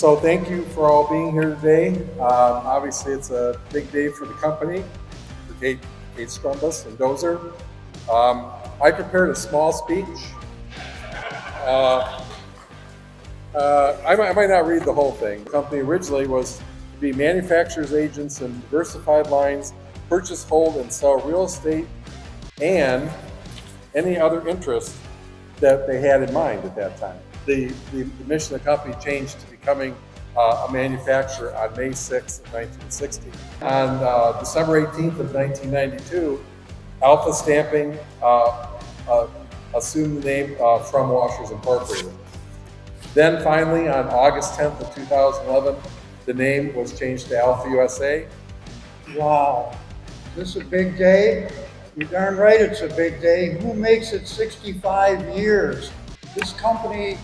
So thank you for all being here today. Um, obviously, it's a big day for the company, for Kate, Kate Scrumbus and Dozer. Um, I prepared a small speech. Uh, uh, I, might, I, might, not read the whole thing. The company originally was to be manufacturers, agents, and diversified lines, purchase, hold, and sell real estate, and any other interest that they had in mind at that time. The, the, the mission of the company changed to becoming uh, a manufacturer on May 6th of 1960. On uh, December 18th of 1992, Alpha Stamping uh, uh, assumed the name uh, From Washers Incorporated. Then finally, on August 10th of 2011, the name was changed to Alpha USA. Wow, this is a big day. You're darn right it's a big day. Who makes it 65 years? This company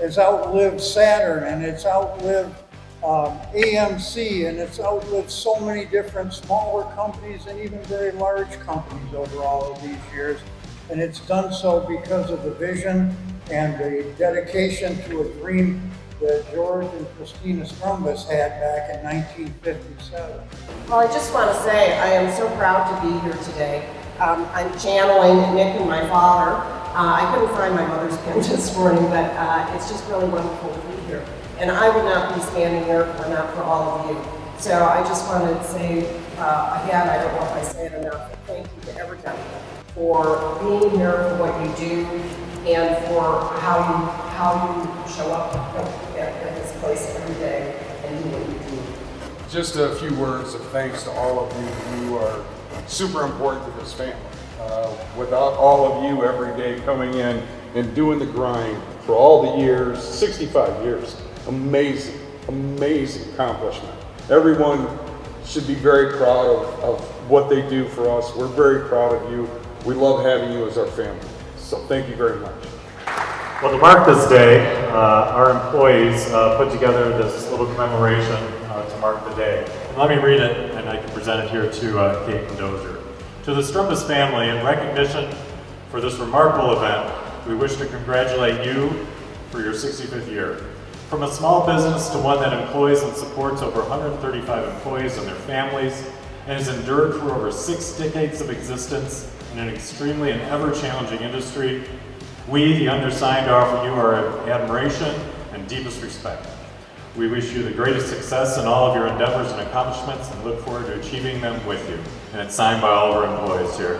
has outlived Saturn and it's outlived um, AMC and it's outlived so many different smaller companies and even very large companies over all of these years. And it's done so because of the vision and the dedication to a dream that George and Christina Strumbus had back in 1957. Well, I just want to say I am so proud to be here today um, I'm channeling Nick and my father. Uh, I couldn't find my mother's pin this morning, but uh, it's just really wonderful to be here. And I would not be standing here for not for all of you. So I just want to say, uh, again, I don't know if I say it enough, but thank you to everybody for being here, for what you do, and for how you, how you show up at, at this place every day and do what you do. Just a few words of thanks to all of you. who are super important to this family. Uh, without all of you every day coming in and doing the grind for all the years, 65 years, amazing, amazing accomplishment. Everyone should be very proud of, of what they do for us. We're very proud of you. We love having you as our family. So thank you very much. Well, to mark this day, uh, our employees uh, put together this little commemoration uh, to mark the day. And let me read it and I can present it here to uh, Kate and Dozier. To the Strumbus family, in recognition for this remarkable event, we wish to congratulate you for your 65th year. From a small business to one that employs and supports over 135 employees and their families, and has endured for over six decades of existence in an extremely and ever-challenging industry, we, the undersigned, offer you our admiration and deepest respect. We wish you the greatest success in all of your endeavors and accomplishments and look forward to achieving them with you. And it's signed by all of our employees here.